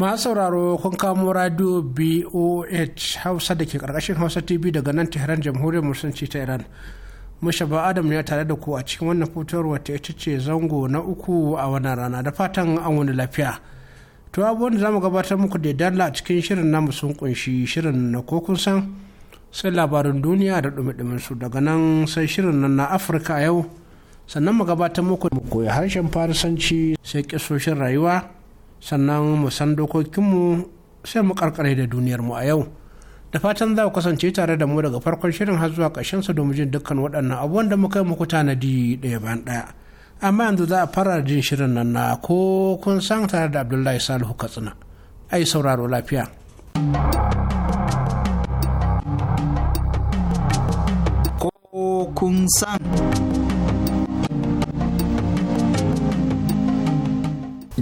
masu sauraro kun kamo radio boh hausa da ke karkashin hausa tv daga nan tehran jamhuriyar musulunci ta iran mashaba adam ya tare da ku a cikin wannan fitowar ta ita ce zango na uku a wannan rana da fatan an wani lafiya to abubuwan da zamu gabatar muku da dalla a cikin shirin namu sun kunshi shirin na ko kun san sai labarin duniya da dumi su daga nan sai shirin nan na afirka a yau sannan mu gabatar muku koyi harshen farisanci sai kisoshin rayuwa sannan mu san dokokinmu sai mu karkare da duniyarmu a yau da fatan za ku kasance tare da mu daga farkon shirin har zuwa ƙarshen sa domin jin dukkan waɗannan abubuwan da muka yi muku tanadi ɗaya bayan ɗaya amma yanzu za a fara jin shirin nan na ko kun san tare da abdullahi salihu katsina ai sauraro lafiya ko kun san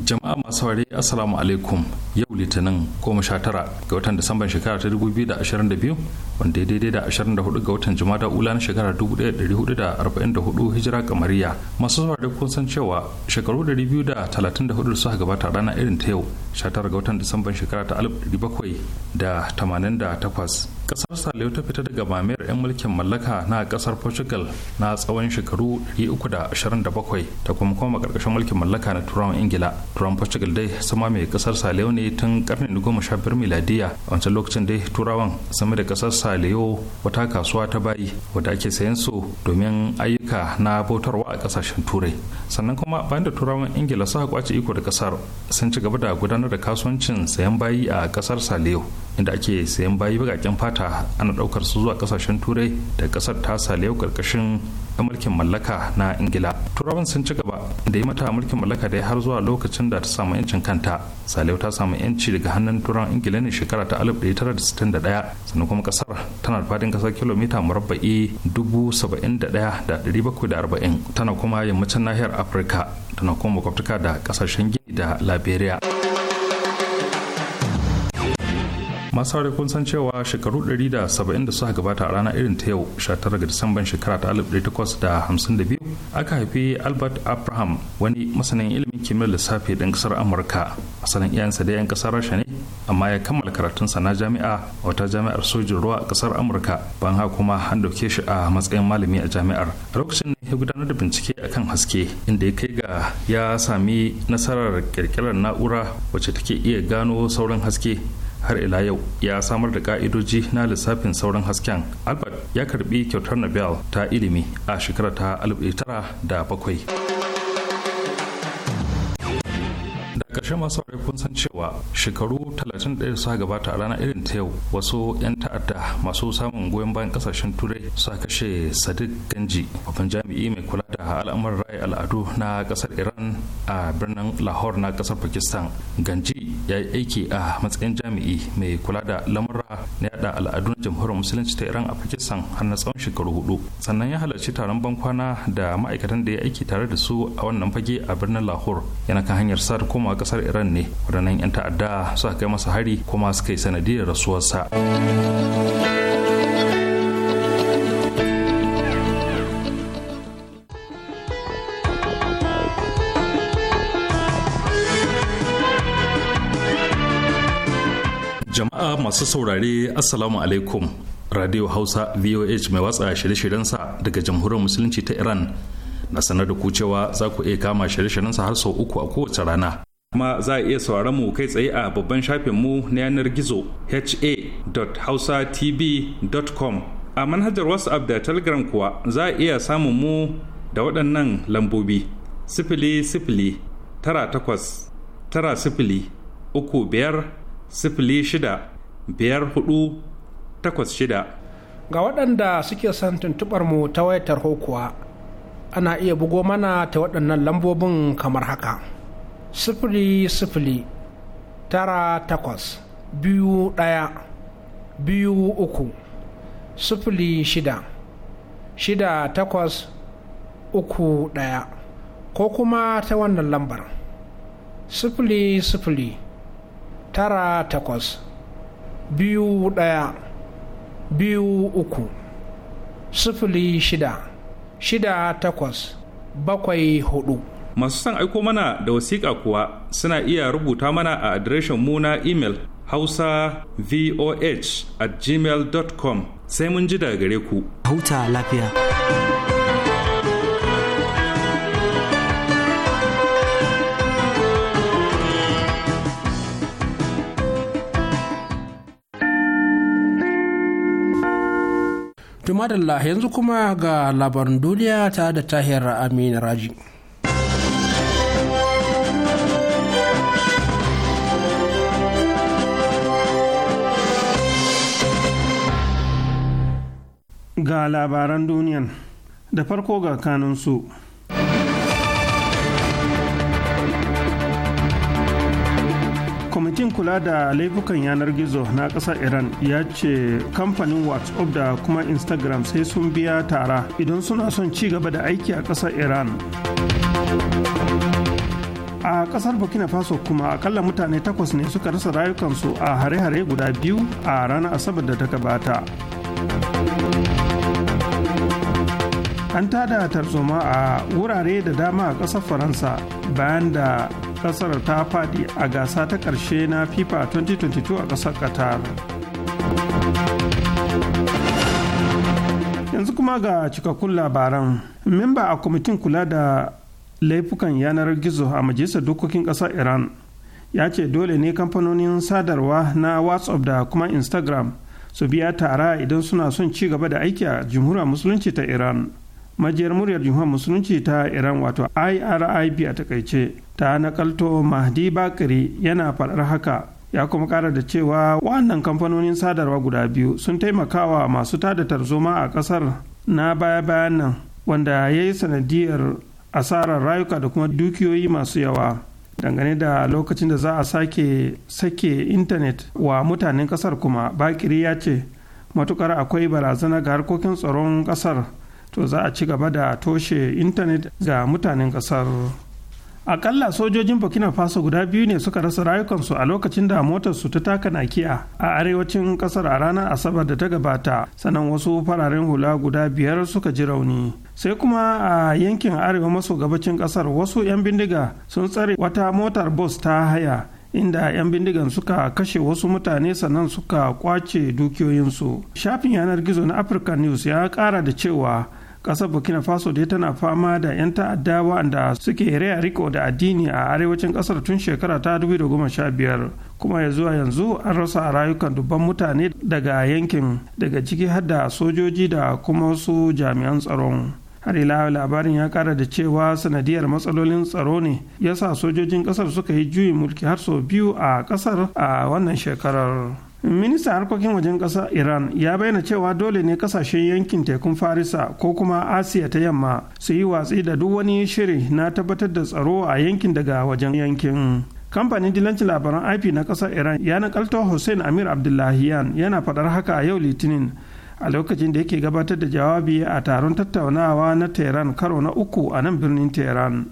jama'a masu ware assalamu alaikum yau litinin 19 ga watan disamban shekara ta 2022 wanda daidai da 24 ga watan jumada ula na shekara 1444 hijira kamariya masu zuwa da kun san cewa shekaru 234 suka gabata rana irin ta yau 19 ga watan disamban shekara ta 1788 kasar saliyo ta fita daga mamayar 'yan mulkin mallaka na kasar portugal na tsawon shekaru 327 ta kuma koma karkashin mulkin mallaka na turawan ingila turawan portugal dai sama mai kasar saliyo ne tun karni goma sha biyar miladiya a wancan lokacin dai turawan sama da kasar saleo wata kasuwa ta bayi wadda ake sayan su domin ayyuka na bautarwa a kasashen turai sannan kuma bayan da turawan ingila suka kwace iko da kasar sun ci gaba da gudanar da kasuwancin sayan bayi a kasar saleo inda ake sayan bayi bakaken fata ana daukar su zuwa kasashen turai da kasar ta saleo karkashin na mulkin mallaka na ingila turawan sun ci gaba da yi mata mulkin mallaka dai har zuwa lokacin da ta samu yancin kanta saliu ta samu yanci daga hannun turawan ingila ne shekara ta 1961 sannan kuma kasar tana da fadin kasar kilomita murabba'i 71,740 tana kuma yammacin nahiyar afirka tana kuma makwabtaka da kasashen gini da liberia masu kun san cewa shekaru 170 da suka gabata a ranar irin ta yau 19 ga disamban shekara ta 1852 aka haifi albert abraham wani masanin ilimin kimiyyar lissafi ɗan kasar amurka asalin iyayensa da 'yan ƙasar rasha ne amma ya kammala karatunsa na jami'a a wata jami'ar sojin ruwa a ƙasar amurka ban haka kuma an dauke shi a matsayin malami a jami'ar a lokacin ya gudanar da bincike a kan haske inda ya kai ga ya sami nasarar kirkirar na'ura wacce take iya gano sauran haske har ila yau ya samar da ka'idoji na lissafin sauran hasken albert ya karbi kyautar nobel ta ilimi a shekara ta 1907 karshe masu aure kun san cewa shekaru 31 da suka gabata a ranar irin ta yau wasu 'yan ta'adda masu samun goyon bayan kasashen turai suka kashe sadiq ganji babban jami'i mai kula da al'amuran rayu al'adu na kasar iran a birnin lahore na kasar pakistan ganji ya yi aiki a matsayin jami'i mai kula da lamura na yada al'adu na jamhuriyar musulunci ta iran a pakistan har na tsawon shekaru hudu sannan ya halarci taron bankwana da ma'aikatan da ya aiki tare da su a wannan fage a birnin lahore yana kan hanyar sa da koma kasar iran ne waɗannan 'yan ta'adda suka kai masa hari kuma suka yi sanadiyar rasuwarsa jama'a masu saurare assalamu alaikum radio hausa voh mai watsa shirye-shiryensa daga jamhuriyar musulunci ta iran na sanar da ku cewa za ku iya kama shirye sa har sau uku a kowace rana kuma za a iya sauraron mu kai tsaye a babban shafin mu na yanar gizo ha.hausa.tv.com a manhajar whatsapp da telegram kuwa za a iya samun mu da waɗannan lambobi sifili sifili tara takwas tara sifili uku biyar sifili shida biyar hudu takwas shida ga waɗanda suke son tuntuɓar mu ta wayar tarho kuwa ana iya bugo mana ta waɗannan lambobin kamar haka sifili sifili tara takwas biyu ɗaya biyu uku sifili shida shida takwas uku ɗaya ko kuma ta wannan lambar sifili sifili tara takwas biyu ɗaya biyu uku sifili shida shida takwas bakwai hudu masu son aiko mana da wasiƙa kuwa suna iya rubuta mana a adireshin mu na imel hausa voh at com sai mun ji daga gare ku huta lafiya Tumadalla yanzu kuma ga labarin duniya ta da tahir Amin Raji. ga labaran duniyan da farko ga kanunsu kwamitin kula da laifukan yanar gizo na ƙasar iran ya ce kamfanin whatsapp da kuma instagram sai sun biya tara idan suna son ci gaba da aiki a ƙasar iran a kasar burkina faso kuma akalla mutane takwas ne suka rasa rayukansu a hare-hare guda biyu a ranar asabar da ta gabata an tada tarzoma a wurare da dama a ƙasar faransa bayan da ƙasar ta fadi a gasa ta ƙarshe na fifa 2022 a ƙasar qatar yanzu kuma ga cikakkun labaran memba a kwamitin kula da laifukan yanar gizo a majalisar dokokin ƙasar iran ya ce dole ne kamfanonin sadarwa na whatsapp da kuma instagram su biya tara idan suna son ci gaba da aiki a jamhuriyar musulunci ta iran majiyar muryar jihar musulunci ta iran wato irib a takaice ta nakalto mahdi bakari yana faɗar haka ya kuma ƙara da cewa wannan kamfanonin sadarwa guda biyu sun taimakawa masu tada tarzoma a ƙasar na baya-bayan nan wanda ya yi sanadiyar asarar rayuka da kuma dukiyoyi masu yawa dangane da lokacin da za a sake sake intanet wa mutanen ƙasar kuma bakiri ya ce matukar akwai barazana ga harkokin tsaron ƙasar to za a ci gaba da toshe intanet ga mutanen kasar akalla sojojin burkina faso guda biyu ne suka rasa rayukansu a lokacin da motarsu ta taka nakiya a arewacin kasar a ranar asabar da ta gabata sannan wasu fararen hula guda biyar suka ji rauni sai kuma a yankin arewa maso gabacin kasar wasu 'yan bindiga sun tsare wata motar bus ta haya inda 'yan bindigan suka kashe wasu mutane sannan suka kwace dukiyoyinsu shafin yanar gizo na African news ya kara da cewa kasar burkina faso dai tana fama da 'yan ta'adda wa'anda suke raya riko da addini a arewacin kasar tun shekara ta 2015 kuma ya zuwa yanzu an rasa rayukan dubban mutane daga yankin daga ciki har da sojoji da kuma wasu jami'an tsaron har ila labarin ya kara da cewa sanadiyar matsalolin tsaro ne ya sa sojojin kasar suka yi juyin mulki har sau biyu a kasar a wannan shekarar. ministan harkokin wajen ƙasar iran ya bayyana cewa dole ne kasashen yankin tekun farisa ko kuma asiya ta yamma su yi watsi da duk wani shiri na tabbatar da tsaro a yankin daga wajen yankin kamfanin dilancin labaran ip na ƙasar iran ya nakalto hussein amir abdullahiyan yana faɗar haka a yau litinin a lokacin da yake gabatar da jawabi a taron tattaunawa na tehran karo na uku a nan birnin tehran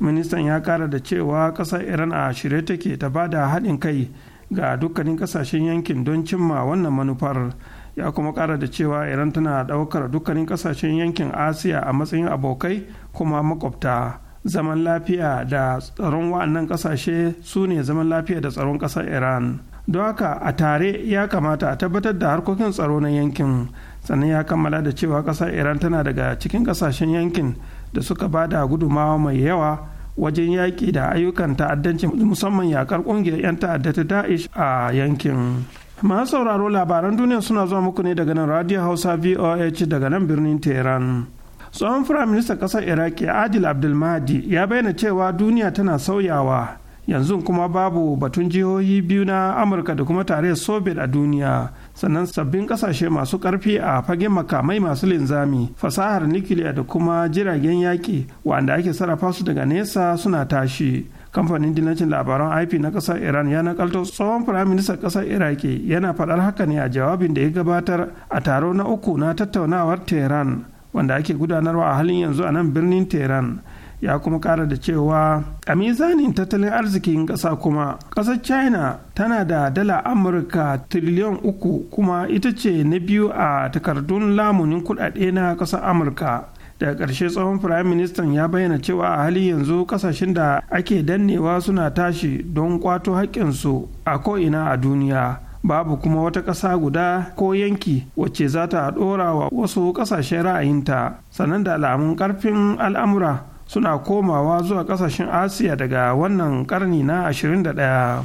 ministan ya kara da cewa ƙasar iran a shirye take ta bada haɗin kai ga dukkanin kasashen yankin don cimma wannan manufar ya kuma kara da cewa iran tana daukar dukkanin kasashen yankin asiya a matsayin abokai kuma makwabta zaman lafiya da tsaron wa'annan kasashe su ne zaman lafiya da tsaron kasar iran don haka a tare ya kamata a tabbatar da harkokin tsaro na yankin sannan ya kammala da cewa kasar iran tana daga cikin kasashen yankin da suka bada da gudumawa mai yawa wajen yaƙi da ayyukan ta'addanci musamman yakar ƙungiyar 'yan ta'adda ta da'ish a yankin masu sauraro labaran duniya suna zuwa muku ne daga nan radio hausa voh daga nan birnin tehran tsohon firaministan ƙasar iraki adil abdulmahdi ya bayyana cewa duniya tana sauyawa yanzu kuma babu batun jihohi biyu na amurka da kuma tarayyar soviet a duniya sannan sabbin kasashe masu karfi a fagen makamai masu linzami fasahar nikiliya da kuma jiragen yaƙi wanda ake sarrafa su daga nesa suna tashi kamfanin dinancin labaran ip na kasar iran ya nakalto tsohon firaministan kasar iraki yana faɗar haka ne a jawabin da ya gabatar a taro na uku na tattaunawar tehran wanda ake gudanarwa a halin yanzu a nan birnin tehran ya kuma kara da cewa a mizanin tattalin arzikin ƙasa kuma ƙasar china tana da dala amurka tiriliyan uku kuma ita ce na biyu a takardun lamunin kuɗaɗe na ƙasar amurka daga ƙarshe tsohon firayim ministan ya bayyana cewa a halin yanzu ƙasashen da ake dannewa suna tashi don kwato haƙƙinsu a ko'ina a duniya babu kuma wata ƙasa guda ko yanki wacce za ta ɗora wa wasu ƙasashen ra'ayinta sannan da alamun ƙarfin al'amura suna komawa zuwa kasashen asiya daga wannan karni na 21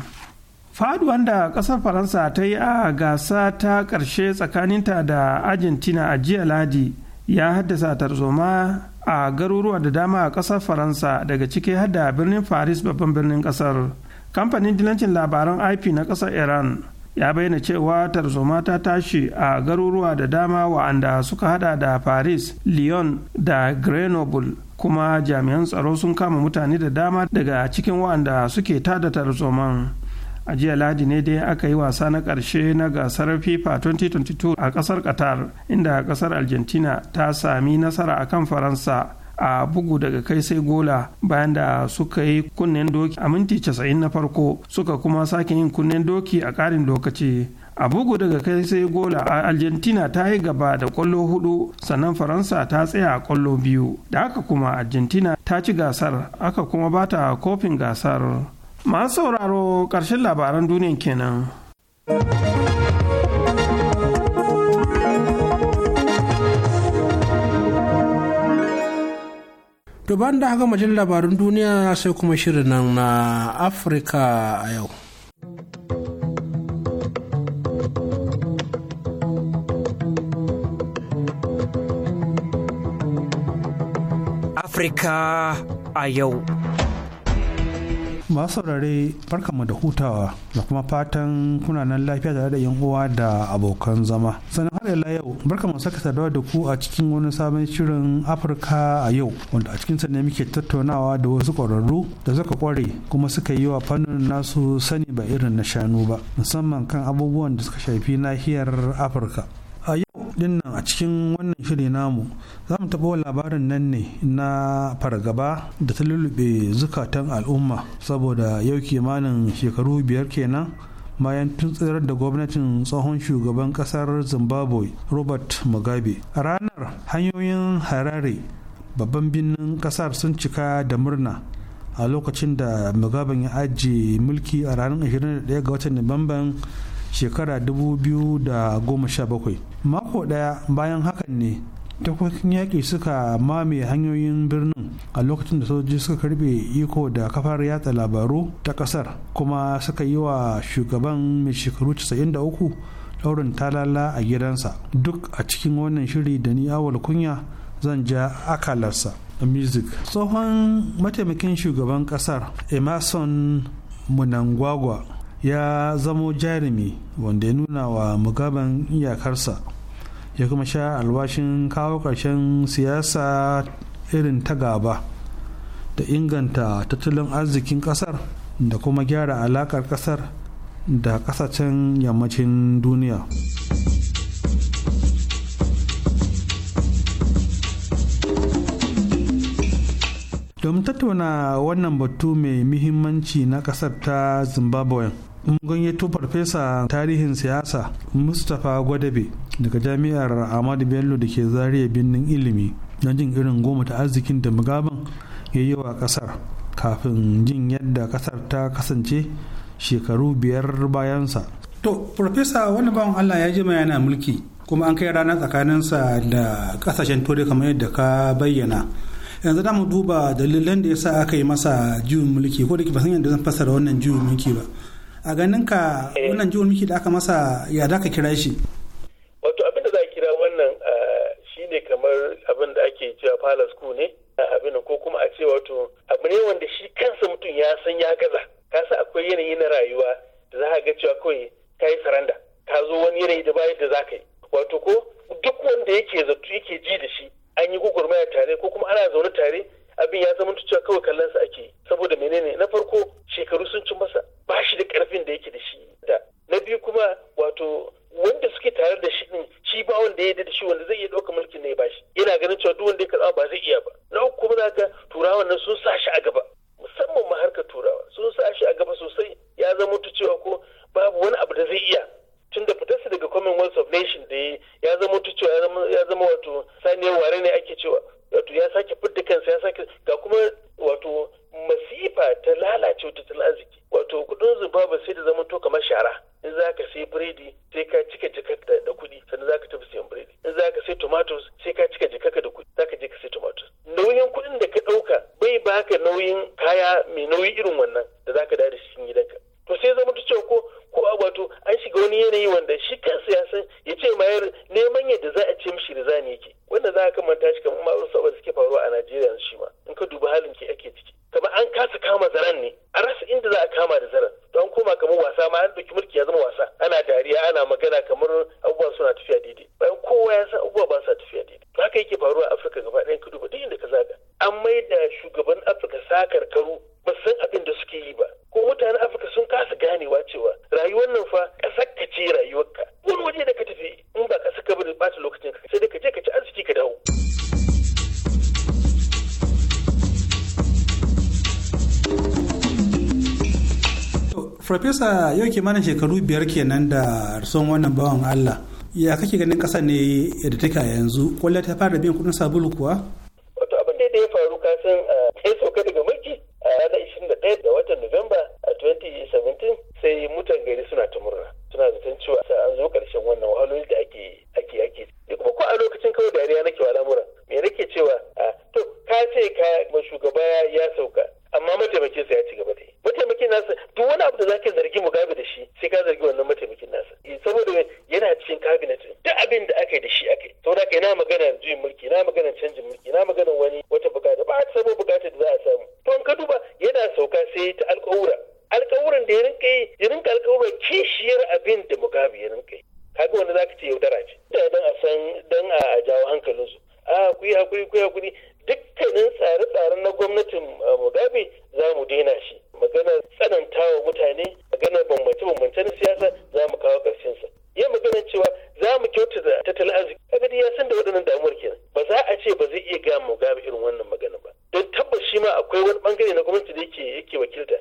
faduwan da kasar faransa ta yi a gasa ta ƙarshe tsakaninta da argentina a jiya ladi ya haddasa tarzoma a garuruwa da dama a kasar faransa daga ciki hada birnin paris babban birnin kasar kamfanin dilancin labaran ip na kasar iran ya bayyana cewa tarzoma ta tashi a garuruwa da dama wa'anda suka hada da paris lyon da grenoble kuma jami'an tsaro sun kama mutane da dama daga cikin waɗanda suke tada tarzoman a jiya ladi ne dai aka yi wasa na ƙarshe na gasar fifa 2022 a ƙasar qatar inda ƙasar argentina ta sami nasara akan faransa a bugu daga kai sai gola bayan da suka yi kunnen doki a minti 90 na farko suka kuma sake yin kunnen doki a ƙarin lokaci a bugu daga kai sai gola a argentina ta yi gaba da kwallo hudu sannan faransa ta tsaya a kwallo biyu da aka kuma argentina ta ci gasar aka kuma bata kofin gasar masu sauraro ƙarshen labaran duniyan kenan. To da haka majin labarun duniya sai kuma shirin nan na Afirka a yau. Afirka a yau. Masu saurare barkanmu da hutawa da kuma fatan kuna nan lafiya tare da uwa da abokan zama. Sannan har ila yau barkanmu saka saduwa da ku a cikin wani sabon shirin Afirka a yau wanda a cikin ne muke tattaunawa da wasu ƙwararru da suka ƙware kuma suka yi wa fannin nasu sani ba irin na shanu ba musamman kan abubuwan da suka shafi nahiyar Afirka. A yau din nan a cikin wannan shiri namu za mu taɓa labarin nan ne na fargaba da ta lulluɓe zukatan al'umma saboda yau kimanin shekaru biyar kenan bayan tun tsirar da gwamnatin tsohon shugaban kasar zimbabwe robert mugabe a ranar hanyoyin harare babban birnin kasar sun cika da murna a lokacin da mugabe ya ajiye mulki a ranar 21 ga watan nuwamban shekara 2017 mako daya bayan hakan ne takokin yaƙi suka mame hanyoyin birnin a lokacin da sojoji suka karbe iko da kafar yatsa labaru ta ƙasar kuma suka yi wa shugaban mai shekaru 93 daurin talala a gidansa duk a cikin wannan shiri da ni awal kunya zan ja akalarsa a music tsohon mataimakin shugaban ƙasar emerson munangwagwa ya zamo jarumi wanda ya nuna wa mugaban iyakarsa ya kuma sha alwashin kawo ƙarshen siyasa irin ta gaba da inganta tattalin arzikin ƙasar da kuma gyara alaƙar ƙasar da ƙasashen yammacin duniya. domin tattauna wannan batu mai muhimmanci na kasar ta zimbabwe mun yato farfesa tarihin siyasa mustapha gwadabe daga jami'ar ahmadu bello da ke zariya birnin ilimi don jin irin goma ta arzikin da mugaban ya yi wa kasar kafin jin yadda kasar ta kasance shekaru biyar bayansa to farfesa wani bawan allah ya ma yana mulki kuma an kai rana tsakanin sa da kasashen turai kamar yadda ka bayyana yanzu da mu duba dalilan da ya sa aka yi masa juyin mulki ko da ke ba san yadda zan fassara wannan juyin mulki ba a ganin ka eh. wannan jiwon miki da aka masa ya da ka kira shi wato abin da za a kira wannan shi ne kamar abin da ake cewa palace school ne abin ko kuma a ce wato abu ne wanda shi kansa mutum ya san ya gaza ka sa akwai yanayi na rayuwa da za ka ga cewa kawai ka yi saranda ka zo wani yanayi da bayan da za ka yi wato ko duk wanda yake zato yake ji da shi an yi gugurmaya tare ko kuma ana zaune tare abin ya zama cewa kawai kallon sa ake saboda menene na farko shekaru sun ci masa ba shi da karfin da yake da shi da na biyu kuma wato wanda suke tare da shi din shi ba wanda ya da shi wanda zai iya ɗauka mulkin ne ba shi yana ganin cewa duk wanda ya karɓa ba zai iya ba na uku kuma zaka turawa nan sun sa shi a gaba musamman ma harkar turawa sun sa shi a gaba sosai ya zama cewa ko babu wani abu da zai iya tun da fitarsa daga commonwealth of nation da ya zama cewa ya zama wato saniyar ware ne ake cewa wato ya sake fidda kansa ya sake ga kuma wato masifa ta lalace wata tattalin arziki wato kudin zimbabwe sai da zama to kamar shara in za ka sai biredi sai ka cika jikaka da kuɗi sannan za ka tafi siyan biredi in za ka sai tomatoes sai ka cika jikaka da kuɗi za ka je ka sai tomatoes nauyin kuɗin da ka ɗauka bai baka nauyin kaya mai nauyi irin wannan da za ka da cikin gidanka to sai zama ta cewa ko ko wato an shiga wani yanayi wanda shi kansa ya san ya ce mayar neman yadda za a ce mishi da ne yake wanda za a kamanta Musa yau ke mana shekaru biyar kenan da son wannan bawan Allah ya kake ganin ƙasa ne da take yanzu kwallo ta fara biyan kuɗin sabulu kuwa da tattalin arziki kaga ya san da waɗannan damuwar kenan ba za a ce ba zai iya gaya mu gaba irin wannan magana ba don tabbas shi ma akwai wani bangare na gwamnati da yake yake wakilta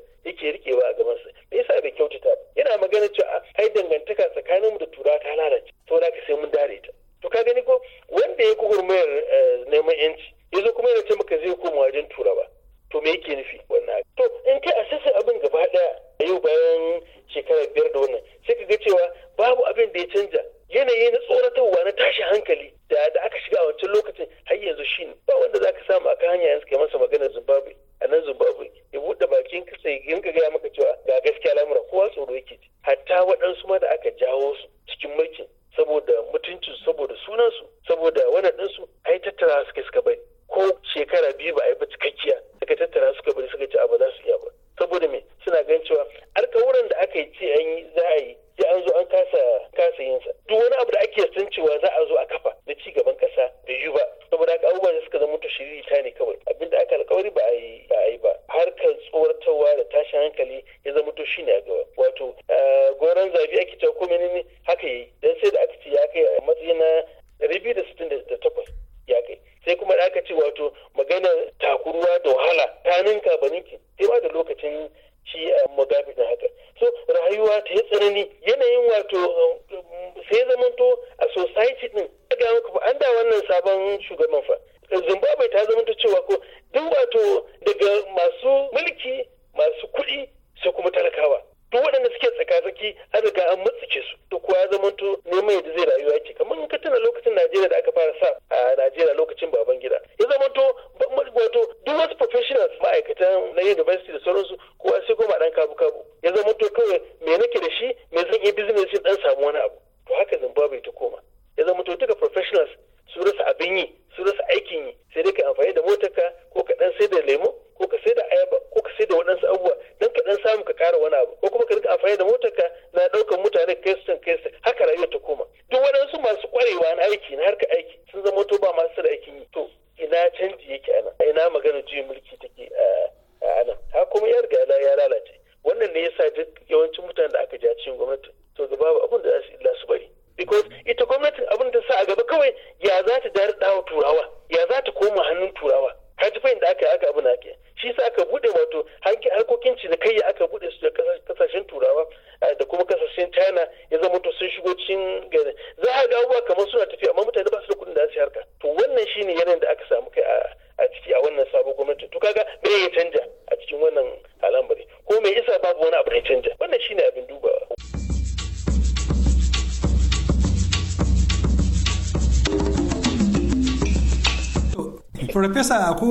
ta na university da sauransu ko sai koma ɗan kabu kabu ya zama to kawai me nake da shi me zan yi business din dan samu wani abu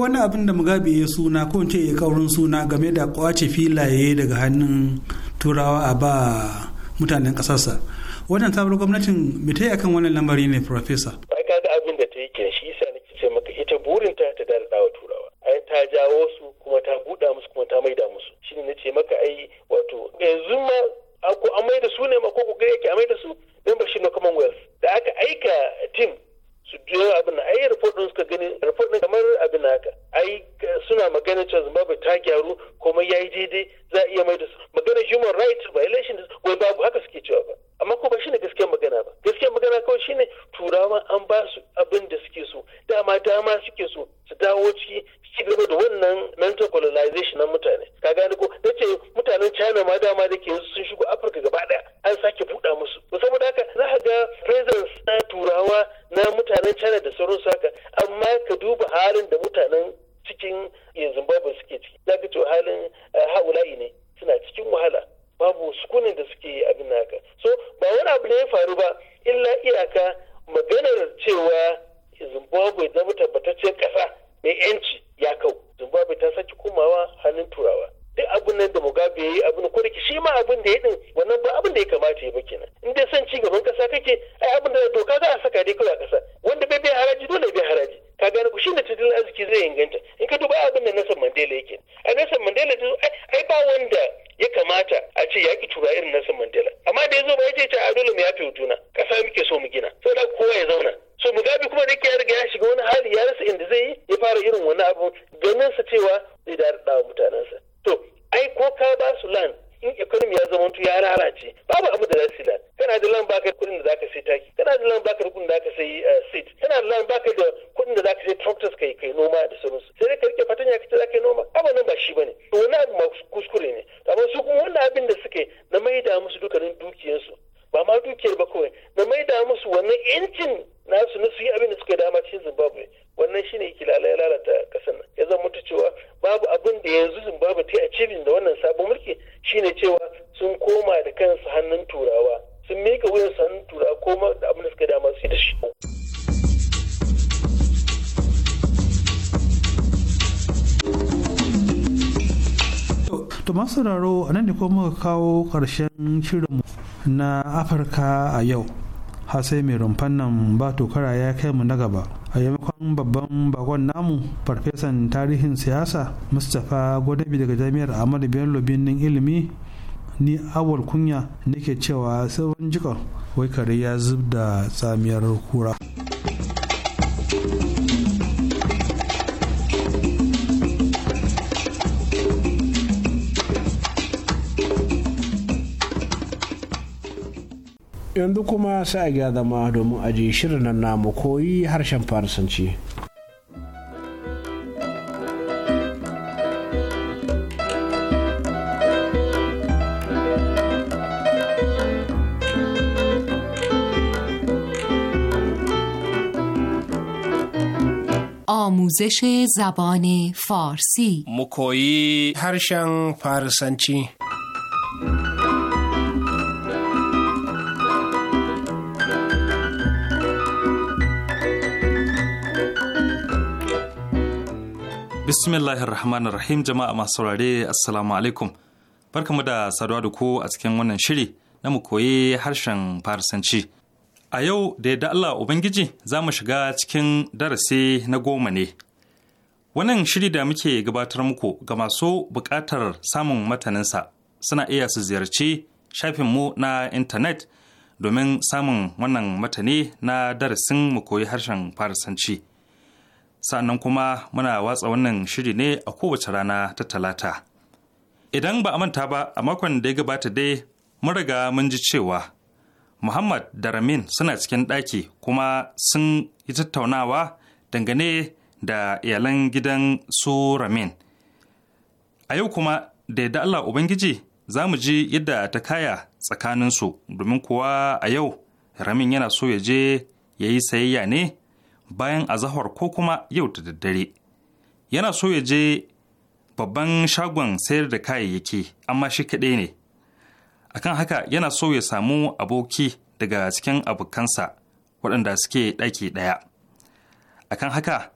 wani abin da mugabe ya suna ko ce ya kaurin suna game da kwace filaye daga hannun turawa a ba mutanen kasarsa wannan tabar gwamnatin mitai akan wannan lamari ne profesa turawan an ba su abin da suke so dama dama to masu raro a nan ne kuma muka kawo ƙarshen shirinmu na afirka a yau har sai mai rumfan nan ba tokara ya kai mu na gaba a yamakon babban bakon namu farfesan tarihin siyasa mustapha gwadabi daga jami'ar ahmadu bello binin ilimi ni awal kunya nake cewa sabon jikon wai kare ya zub da tsamiyar kura. yanzu kuma sai a zama domin ajiye shirin nan namu koyi harshen farisanci. آموزش زبان فارسی مکویی هرشن فارسنچی Bismillahir Rahmanir Rahim jama'a masu saurare Assalamu alaikum. Barkamu da saduwa da ku a cikin wannan shiri na mu koyi harshen Farsanci. A yau da yadda Allah Ubangiji za mu shiga cikin darasi na goma ne. Wannan shiri da muke gabatar muku ga masu buƙatar samun mataninsa suna iya su ziyarci shafin mu na intanet domin samun wannan matane na darasin mu koyi harshen Farsanci. Sannan kuma muna watsa wannan shiri ne a kowace rana ta talata. Idan ba a manta ba a makon da ya gabata dai mun riga mun ji cewa Muhammad da Ramin suna cikin ɗaki kuma sun yi tattaunawa dangane da iyalan gidan su Ramin. A yau kuma da yadda Allah Ubangiji za mu ji yadda ta kaya tsakaninsu domin kuwa a yau Ramin yana so ya je ya yi sayayya ne bayan azahar ko kuma yau da daddare yana so ya je babban shagon sayar da kayayyaki amma shi kaɗai ne akan haka yana so ya samu aboki daga cikin abokansa waɗanda suke ɗaki ɗaya akan haka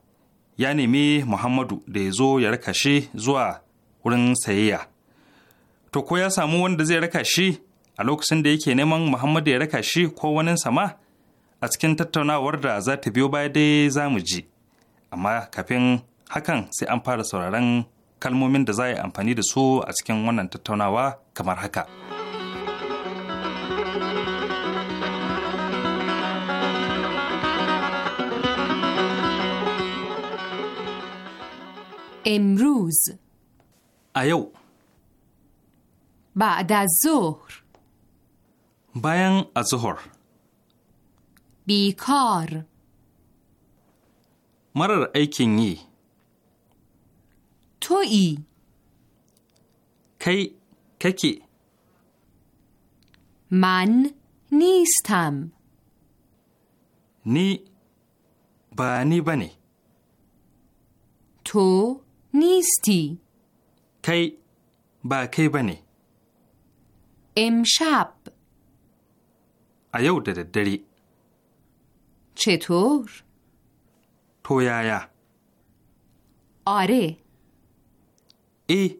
ya nemi muhammadu da ya zo ya raka shi zuwa wurin sayayya to ko ya samu wanda zai raka shi a lokacin da yake neman muhammadu ya raka shi ko wani sama a cikin tattaunawar da za ta biyo baya dai za mu ji amma kafin hakan sai an fara sauraron kalmomin da za a yi amfani da su a cikin wannan tattaunawa kamar haka. امروز ایو بعد از ظهر bayan از ظهر بیکار مرر ایکین یی ای کی ککی من نیستم نی با نی بنی تو نیستی کی با کی بنی امشب ایو دری چطور؟ پویایا آره ای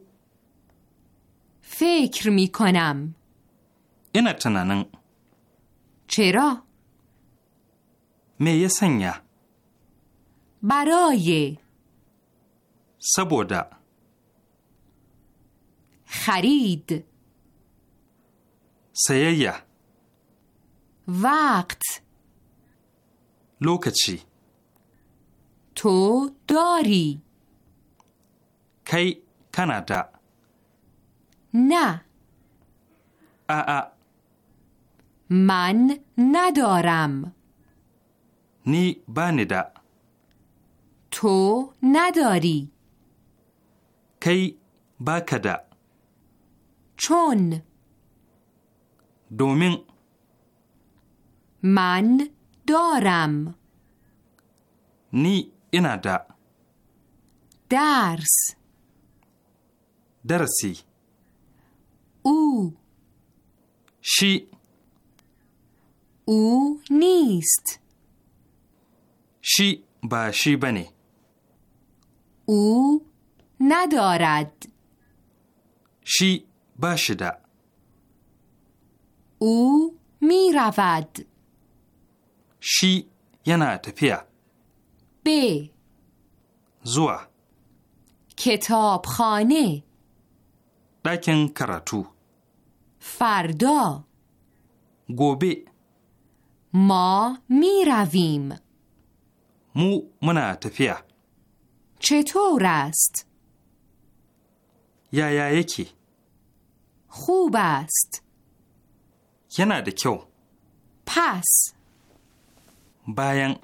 فکر می کنم اینا تنانن چرا؟ می سنیا برای سبودا خرید سیایا وقت lokaci. To dori. Kai kana da. Na. A a. Man doram. Ni bani da. To dori. Kai baka da. Chon. Domin. Man دارم نی اینا دا درس درسی او شی او نیست شی با شی بنی او ندارد شی باشده او می رود شی ینا تپیا ب زوا کتابخانه دکن کراتو فردا گوبه ما می رویم مو منا تفیه چطور است؟ یا یا یکی خوب است یه د کیو پس bayan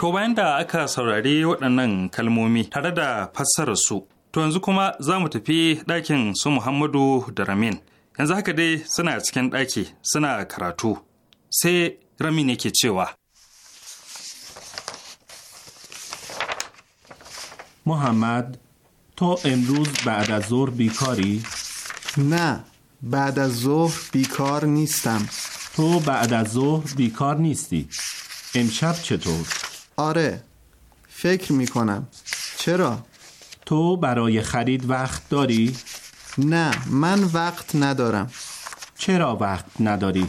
To bayan da aka saurari waɗannan kalmomi tare da fassararsu, to yanzu kuma za mu tafi ɗakin su Muhammadu da Ramin. Yanzu haka dai suna cikin ɗaki suna karatu. Sai Ramin yake cewa. محمد تو امروز بعد از ظهر بیکاری؟ نه بعد از ظهر بیکار نیستم تو بعد از ظهر بیکار نیستی امشب چطور؟ آره فکر می کنم چرا؟ تو برای خرید وقت داری؟ نه من وقت ندارم چرا وقت نداری؟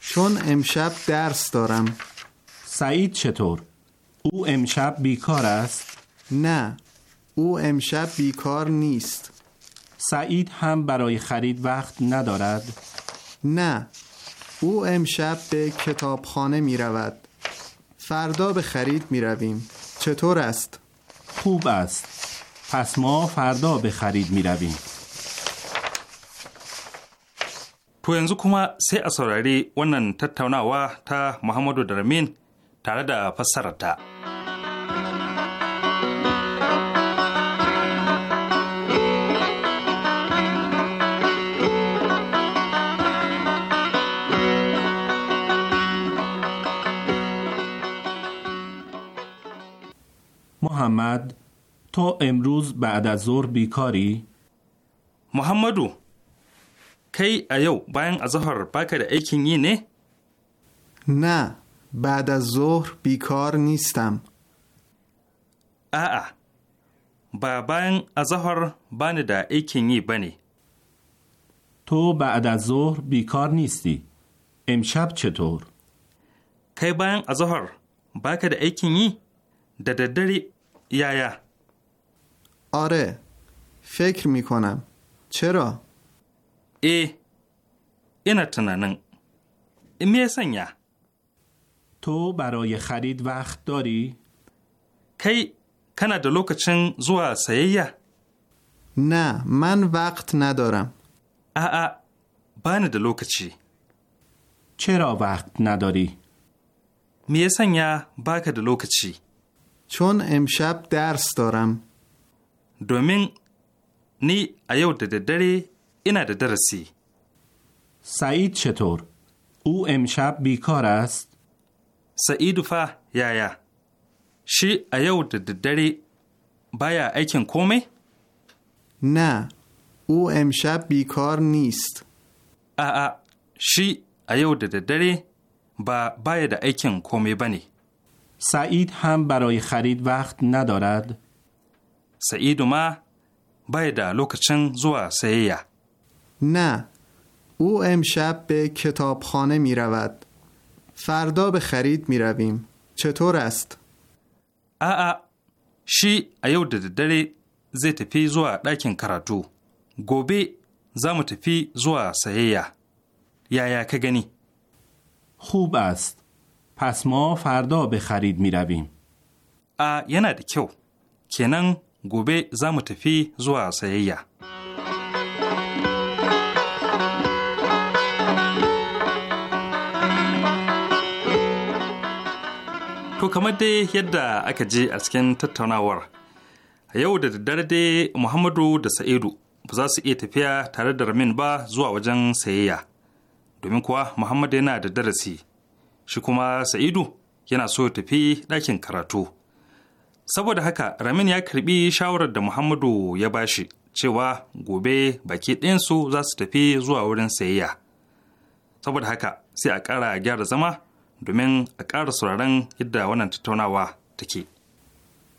چون امشب درس دارم سعید چطور؟ او امشب بیکار است؟ نه او امشب بیکار نیست سعید هم برای خرید وقت ندارد؟ نه او امشب به کتابخانه می رود فردا به خرید می رویم چطور است؟ خوب است پس ما فردا به خرید می رویم To yanzu kuma sai a saurari wannan tattaunawa درمین Muhammadu Darmin tare da محمد تو امروز بعد از ظهر بیکاری؟ محمدو کی ایو باین از ظهر باکر ایکین نه؟ نه بعد از ظهر بیکار نیستم آه با باین از ظهر بانی دا ایکین یی بنی تو بعد از ظهر بیکار نیستی امشب چطور؟ کی باین از ظهر باکر ایکین یی دا یا. آره فکر می کنم چرا؟ ای اینا نن می یا؟ تو برای خرید وقت داری؟ کی کنا دا لوکچن زوا یه؟ نه من وقت ندارم ا بان دلو لوکچی چرا وقت نداری؟ می یا باک دلو لوکچی چون امشب درس دارم دومین نی ایو دری اینا درسی سعید چطور؟ او امشب بیکار است؟ سعید فا یا یا شی ایو دددری بایا ایکن کومی؟ نه او امشب بیکار نیست آآ شی ایو دری با باید ایکن کومی بنی سعید هم برای خرید وقت ندارد؟ سعید ما باید لوکچن زوا سیه نه او امشب به کتابخانه می رود فردا به خرید می رویم چطور است؟ آ شی ایو دلی زی تفی زوا لیکن کراتو گوبه زمت تفی زوا سیه یا یا که گنی خوب است پس ما فردا به خرید می رویم. ا ینا د کیو. کنن گوبه زمو تفی زوا سیایه. To kamar dai yadda aka je a cikin tattaunawar, a yau da daddare dai Muhammadu da Sa'idu ba za su iya tafiya tare da Ramin ba zuwa wajen sayayya. Domin kuwa Muhammadu yana da darasi shi kuma Sa'idu yana so ya tafi ɗakin karatu. Saboda haka Ramin ya karbi shawarar da Muhammadu ya bashi cewa gobe baki ɗinsu za su tafi zuwa wurin sayayya. Saboda haka sai a ƙara gyara zama domin a ƙara sauraron yadda wannan tattaunawa take.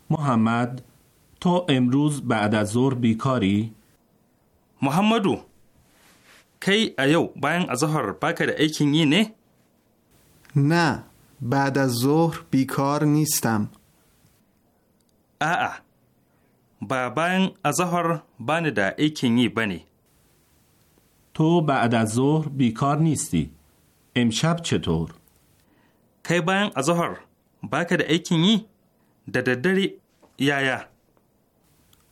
Muhammad, to امروز a از ظهر بیکاری؟ Muhammadu, kai a yau bayan azahar baka da aikin yi ne? نه بعد از ظهر بیکار نیستم آه با بان از ظهر بان دا ایکنی بانی تو بعد از ظهر بیکار نیستی امشب چطور؟ که بان از ظهر با کد دا ایکنی دا یا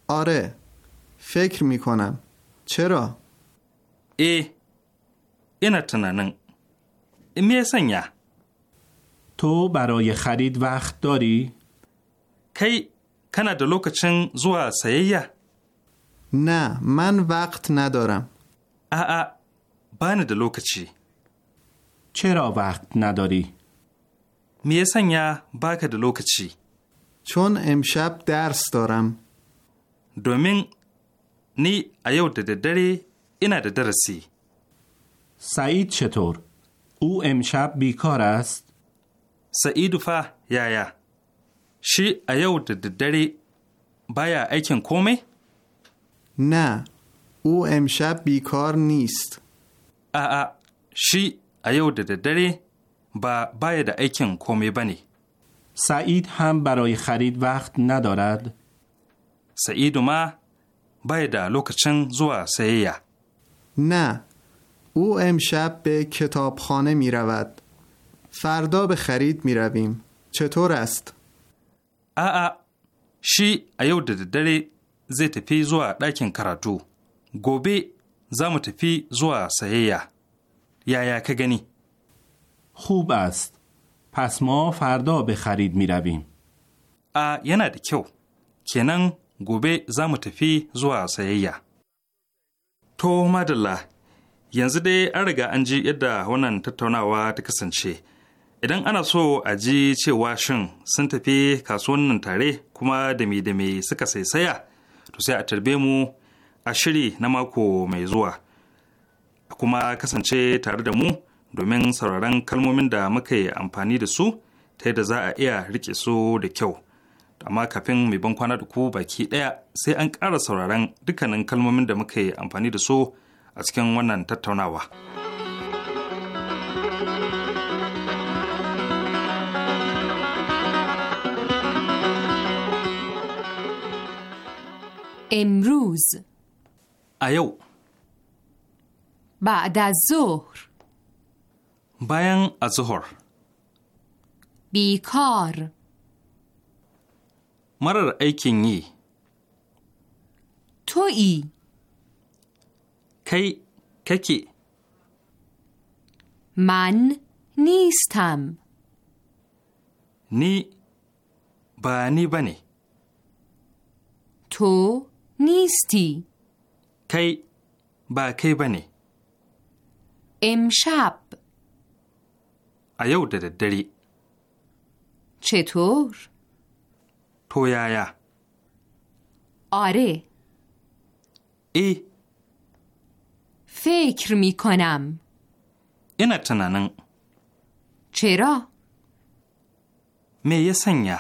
آره فکر می کنم. چرا؟ ای اینا تنانن میسن یا تو برای خرید وقت داری؟ کی کنا da چن زوا سیه نه من وقت ندارم. آآ بانه da لوکچی چرا وقت نداری؟ می یا باک da چی چون امشب درس دارم. دومین نی ایو دده ددری اینا درسی سعید چطور؟ او امشب بیکار است؟ سعیدو فا یایا شی ا د ددره بایا نه او امشب بیکار نیست a'a شی a yau da daddare ba baya da سعید هم برای خرید وقت ندارد. سعید ما باید لوکچن زوا سیه. نه، او امشب به کتابخانه می رود. فردا به خرید می رویم. چطور است؟ آ شی ایو دد ددره زی تپی زوا لیکن کراتو گوبه زم تپی زوا سهیا یا یا که گنی خوب است پس ما فردا به خرید می رویم آ ینا د کیو کنن گوبه زم تپی زوا سهیا تو مدلا ینزده ارگا انجی ایده an تتونا yadda wannan tattaunawa Idan ana so a ji cewa shin sun tafi kasuwan nan tare kuma da me da me suka saisaya, to sai a tarbe mu a shiri na mako mai zuwa. Kuma kasance tare da mu domin sauraron kalmomin da muka yi amfani da su ta yadda za a iya rike su da kyau. Amma kafin mai ban kwana da ku baki ɗaya sai an ƙara sauraron dukkanin kalmomin da muka yi amfani da su a cikin wannan tattaunawa. امروز ایو بعد از ظهر بیان از ظهر بیکار مرر ایکین ای تو ای کی ککی من نیستم نی بانی بانی تو نیستی کی با کی بنی امشب ایو در دری چطور؟ تو آره ای فکر می کنم اینا چرا؟ می سنیا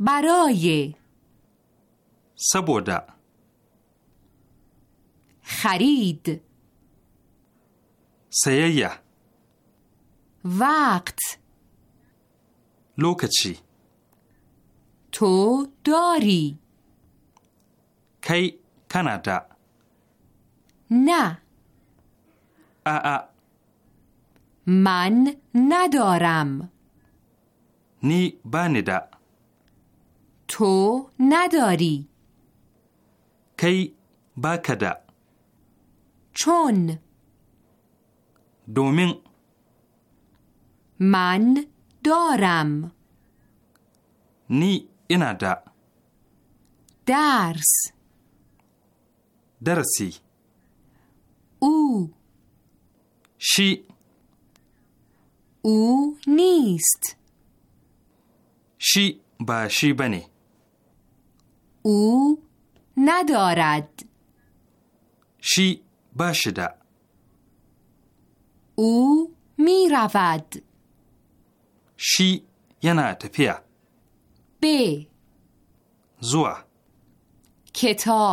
برای سبودا خرید سیه وقت لوکچی تو داری کی کانادا نه آآ من ندارم نی باندا تو نداری kai bakada. da chon domin man doram ni inada. da dars darasi u She. u nist She ba shi bane u ندارد شی باشده او می رود شی ینا تپیا ب زوا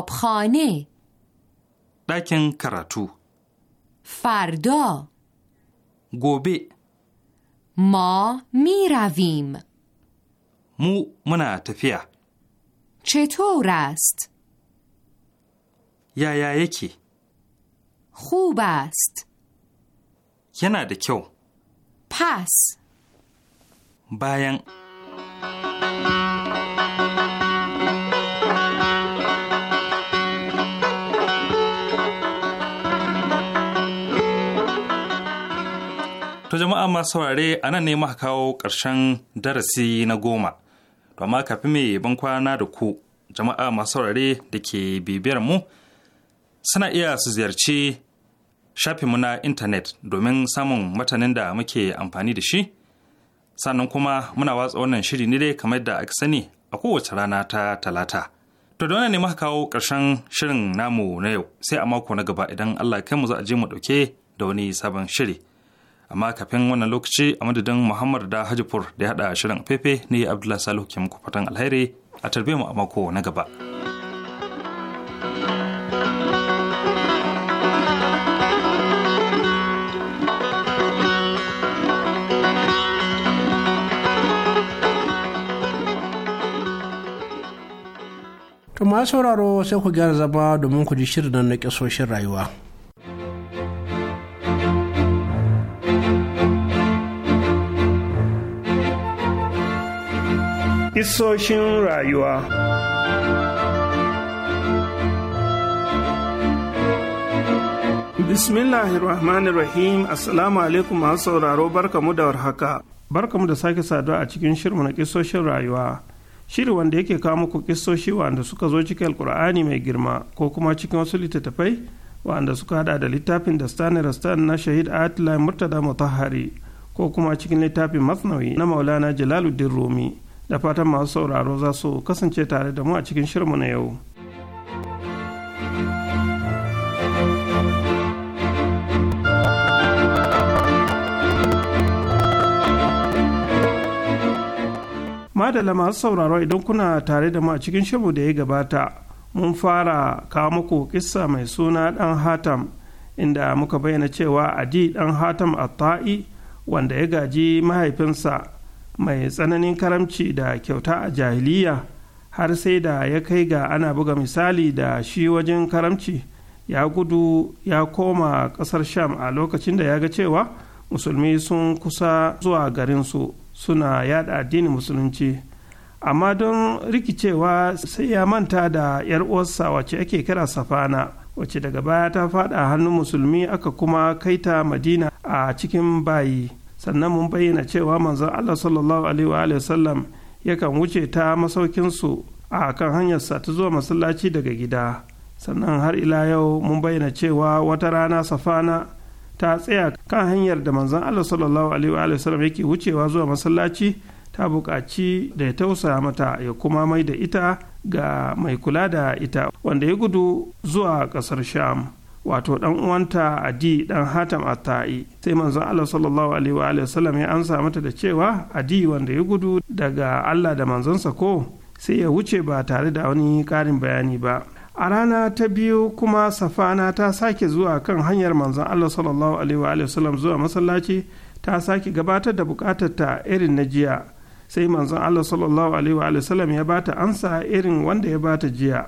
خانه دکن کراتو فردا گوبه ما می رویم مو منا چطور است؟ yaya yake. خوب yana da kyau. Pass. Bayan. To jama'a masu saurare a nan ne muka kawo ƙarshen darasi na goma. To amma kafin mai ban kwana da ku, jama'a masu saurare da ke bibiyar mu, suna iya su ziyarci shafinmu na intanet domin samun matanin da muke amfani da shi sannan kuma muna watsa wannan shiri ne dai kamar da aka sani a kowace rana ta talata to da ne muka kawo ƙarshen shirin namu na yau sai a mako na gaba idan allah kai mu za a je mu ɗauke da wani sabon shiri amma kafin wannan lokaci a madadin muhammad da hajifur da ya haɗa shirin fefe ne abdullahi salihu ke muku fatan alheri a tarbe mu a mako na gaba. To masu sauraro sai ku gyara zaba domin ku ji shirin na kisoshin rayuwa. Kisoshin rayuwa rahim, Assalamu alaikum masu sauraro barkamu da warhaka. Barkamu da sake saduwa a cikin shirin na kisoshin rayuwa. shiri wanda yake kawo muku kissoshi wanda suka zo cikin alkur'ani mai girma ko kuma cikin wasu littattafai wanda suka hada da littafin da stanley stan na shahid atlai murtada mutahari ko kuma cikin littafin masnawi na maulana jalaluddin rumi da fatan masu sauraro za su kasance tare da mu a cikin shirmu na yau madala masu sauraro idan kuna tare da mu a cikin shabu da ya gabata mun fara kawo muku kissa mai suna dan hatam inda muka bayyana cewa adi dan hatam ta'i wanda ya gaji mahaifinsa mai tsananin karamci da kyauta a jahiliya har sai da ya kai ga ana buga misali da shi wajen karamci ya gudu ya koma kasar sham a lokacin da ya ga cewa musulmi sun kusa zuwa garinsu suna yada addinin musulunci amma don rikicewa sai ya manta da 'yar uwarsa wacce ake kira safana wace daga baya ta fada hannun musulmi aka kuma kai ta madina a cikin bayi sannan mun bayyana cewa manzon allah sallallahu alaihi wa sallam yakan wuce ta masaukinsu a kan hanyarsa ta zuwa masallaci daga gida sannan har ila yau mun bayyana cewa wata rana safana ta tsaya kan hanyar da manzon Allah sallallahu alaihi wa wasallam yake wucewa zuwa masallaci ta buƙaci da ya tausa mata ya kuma mai da ita ga mai kula da ita wanda ya gudu zuwa ƙasar sham wato dan uwanta adi dan hatam atta'i sai manzon Allah sallallahu alaihi wa wasallam ya amsa mata da cewa adi wanda ya gudu daga Allah da manzonsa ko sai ya wuce ba tare da wani ƙarin bayani ba a rana ta biyu kuma safana ta sake zuwa kan hanyar manzan allah sallallahu alaihi wasallam zuwa masallaci ta sake gabatar da bukatar ta irin na jiya sai Manzon allah sallallahu alaihi wasallam ya bata ansa irin wanda ya bata jiya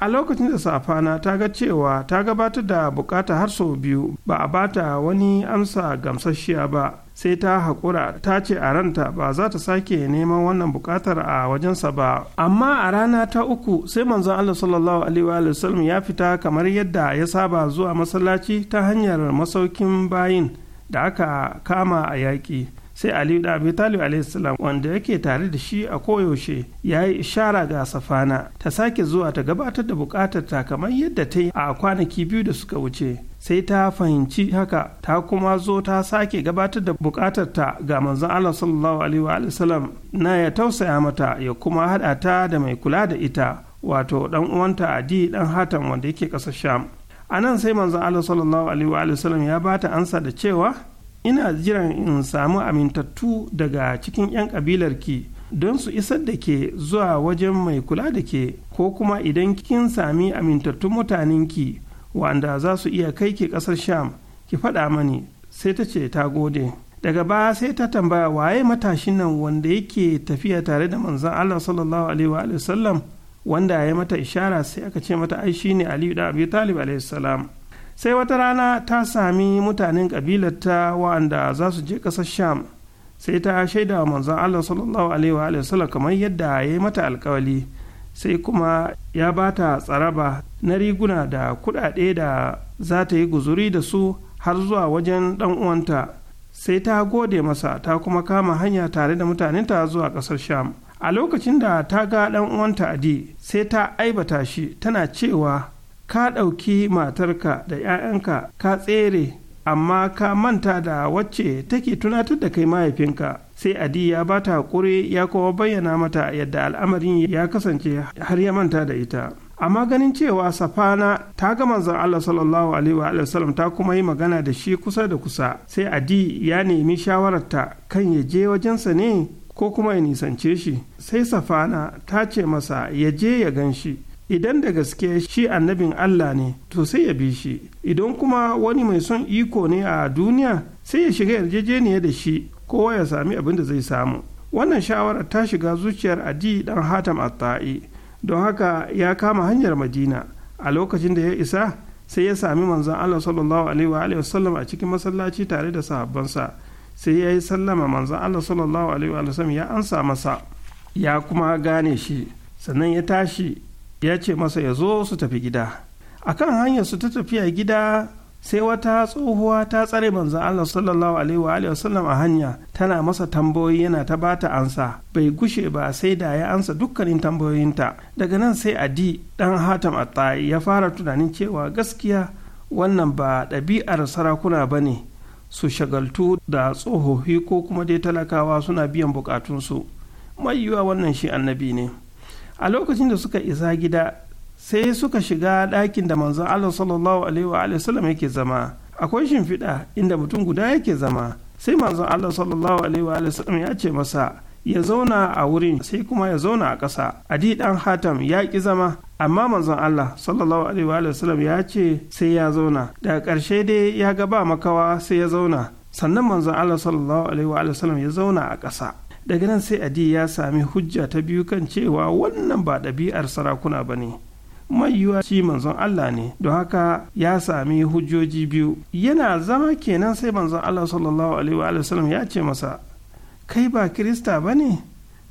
a lokacin da safana ta ga cewa ta gabatar da bukata har sau biyu ba a bata wani amsa gamsasshiya ba sai ta haƙura ta ce a ranta ba za ta sake neman wannan buƙatar a wajensa ba amma a rana ta uku sai manzon Allah sallallahu alaihi wa ya fita kamar yadda ya saba zuwa masallaci ta hanyar masaukin bayin da aka kama a yaƙi sai aliyu da abi talib alaihissalam wanda yake tare da shi a koyaushe ya yi ishara ga safana ta sake zuwa ta gabatar da bukatar ta kamar yadda ta yi a kwanaki biyu da suka wuce sai ta fahimci haka ta kuma zo ta sake gabatar da bukatar ta ga manzon Allah sallallahu alaihi wa sallam na ya tausaya mata ya kuma hada ta da mai kula da ita wato dan uwanta adi dan hatan wanda yake kasar sham a nan sai manzon Allah sallallahu alaihi wa sallam ya bata ansa da cewa ina jiran in samu amintattu daga cikin 'yan kabilar don su isar da ke zuwa wajen mai kula da ke ko kuma idan kin sami amintattun mutanenki wanda za su iya kai ke ƙasar sham ki faɗa mani sai ta ce ta gode daga baya sai ta tambaya waye matashin nan wanda yake tafiya tare da manzon allah sallallahu alaihi wa wanda ya mata ishara sai aka ce mata ai shine aliyu da abi talib alaihi salam sai wata rana ta sami mutanen ƙabilarta wa'anda za su je ƙasar sham sai ta shaida wa manzon allah sallallahu alaihi wa sallam kamar yadda ya yi mata alkawali sai kuma ya ba ta tsaraba na riguna da kuɗaɗe da za ta yi guzuri da su har zuwa wajen ɗan uwanta sai ta gode masa ta kuma kama hanya tare da mutanenta zuwa ƙasar sham a lokacin da ta ga ɗan uwanta adi sai ta aibata shi tana cewa ka ɗauki matarka da 'ya'yanka ka tsere amma ka manta da wacce take tunatar da kai mahaifinka sai adi ya ba ta haƙuri ya kowa bayyana mata yadda al'amarin ya kasance har ya manta da ita amma ganin cewa safana ta ga manzon Allah sallallahu alaihi wa sallam ta kuma yi magana da shi kusa da kusa sai adi ya nemi shawararta kan ya je wajensa ne ko kuma ya nisance shi sai safana ta ce masa ya je ya gan shi idan da gaske shi annabin Allah ne to sai ya bi shi idan kuma wani mai son iko ne a duniya sai ya shiga yarjejeniya da shi kowa ya sami abin da zai samu wannan shawarar ta shiga zuciyar adi dan hatam atta'i don haka ya kama hanyar madina a lokacin da ya isa sai ya sami manzon Allah sallallahu alaihi wa a cikin masallaci tare da sahabbansa sai ya yi sallama manzon Allah sallallahu alaihi wa ya ansa masa ya kuma gane shi sannan ya tashi ya ce masa ya zo su tafi gida a kan hanyar su ta tafiya gida sai wata tsohuwa ta tsare manzan Allah sallallahu alaihi wa a hanya tana masa tambayoyi yana ta bata ansa bai gushe ba sai da ya ansa dukkanin tambayoyinta daga nan sai adi dan hatam attai ya fara tunanin cewa gaskiya wannan ba ɗabi'ar sarakuna ba ne su shagaltu da tsohohi ko kuma dai talakawa suna biyan bukatunsu mai yiwuwa wannan shi annabi ne a lokacin da suka isa gida sai suka shiga ɗakin da manzon Allah sallallahu alaihi wa sallam yake zama akwai shimfiɗa inda mutum guda yake zama sai manzon Allah sallallahu alaihi wa sallam ya ce masa ya zauna a wurin sai kuma ya zauna a ƙasa adi dan hatam ya ƙi zama amma manzon Allah sallallahu alaihi wa sallam ya ce sai ya zauna daga ƙarshe dai ya ga ba makawa sai ya zauna sannan manzon Allah sallallahu alaihi wa sallam ya zauna a ƙasa daga nan sai adi ya sami hujja ta biyu kan cewa wannan ba ɗabi'ar sarakuna ba ne mai yiwuwa shi manzon Allah ne don haka ya sami hujjoji biyu yana zama kenan sai manzon Allah sallallahu alaihi wa sallam ya ce masa kai ba kirista ba ne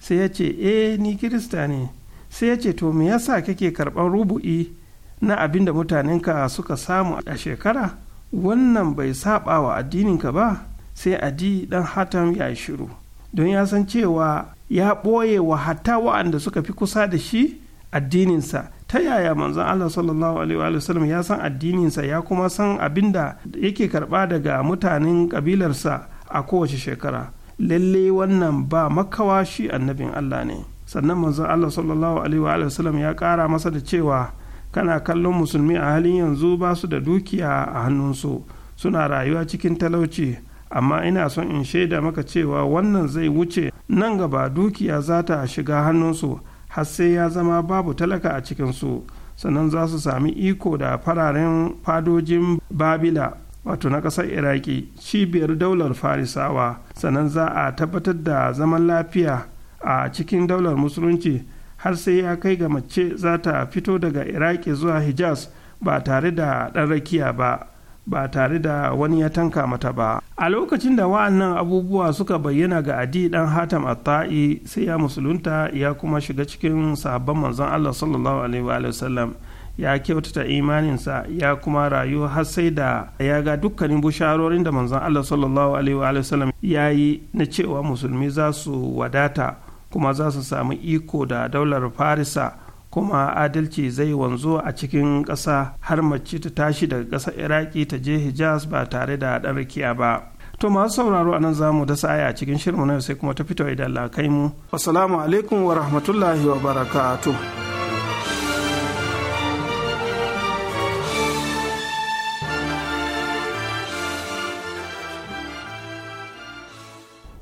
sai ya ce eh ni kirista ne sai ya ce to me yasa kake karɓar rubu'i na abinda mutanenka suka samu a shekara wannan bai saɓa wa addininka ba sai adi dan hatam ya shiru don ya san cewa ya ɓoye wa hatta wa'anda suka fi kusa da shi addininsa ta yaya manzon Allah sallallahu alaihi wasallam ya san addininsa ya kuma san abin da yake karɓa daga mutanen ƙabilarsa a kowace shekara lalle wannan ba makawa shi annabin Allah ne sannan manzon Allah sallallahu alaihi wasallam ya kara masa da cewa kana kallon musulmi a halin yanzu ba su da dukiya a hannunsu suna rayuwa cikin talauci amma ina son in shaida maka cewa wannan zai wuce nan gaba dukiya za ta shiga hannunsu har sai ya zama babu talaka a cikinsu sannan za su sami iko da fararen fadojin babila wato na ƙasar iraki cibiyar daular farisawa sannan za a tabbatar da zaman lafiya a cikin daular musulunci har sai ya kai ga mace za ta fito daga iraki zuwa hijaz ba tare da ɗan rakiya ba ba tare da wani ya tanka mata ba a lokacin da wa'annan abubuwa suka bayyana ga adi dan hatam atta'i sai ya musulunta ya kuma shiga cikin sabon manzon allah sallallahu alaihi wa ya kyautata imaninsa ya kuma rayu har sai da ya ga dukkanin bisharorin da manzon allah sallallahu alaihi wa ya yi na cewa musulmi za su wadata kuma za su samu iko da daular farisa kuma adalci zai wanzu a cikin ƙasa har mace ta tashi daga ƙasar iraki ta je hijaz ba tare da ɗan rakiya ba to masu sauraro a nan zamu dasa aya a cikin shirin na sai kuma ta fito idan lakai mu assalamu alaikum wa rahmatullahi wa barakatuh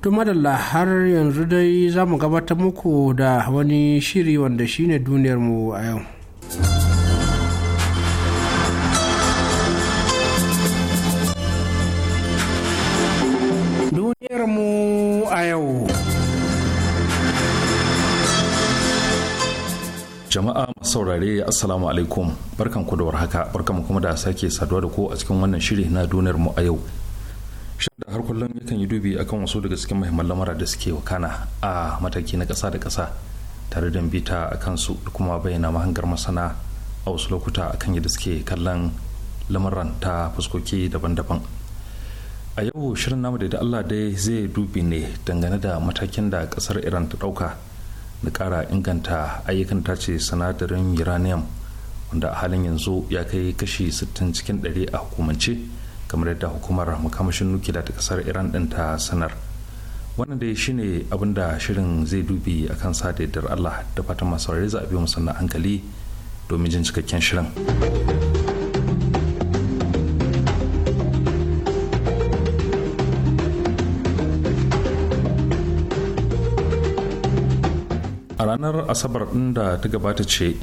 to madalla har yanzu dai za mu gabatar muku da wani shiri wanda shine duniyarmu a yau duniyarmu a yau jama'a saurare assalamu alaikum barkan ku da warhaka barkan kuma da sake saduwa da ku a cikin wannan shiri na duniyarmu a yau da har kullum yakan yi dubi akan wasu daga cikin muhimman lamura da suke wakana a mataki na ƙasa da ƙasa tare da bita a kansu da kuma bayyana mahangar masana a wasu lokuta akan yadda suke kallon lamuran ta fuskoki daban-daban a yau shirin namu da Allah dai zai dubi ne dangane da matakin da ƙasar iran ta ɗauka na ƙara inganta ayyukan ta ce sinadarin uranium wanda a halin yanzu ya kai kashi 60 cikin ɗari a hukumance kamar yadda hukumar makamashin nukila ta kasar iran din ta sanar wannan dai shine abin da shirin zai dubi a kan sa da allah da fatan masu za a biyo musamman hankali domin jin cikakken shirin a ranar asabar din da ta gabata ce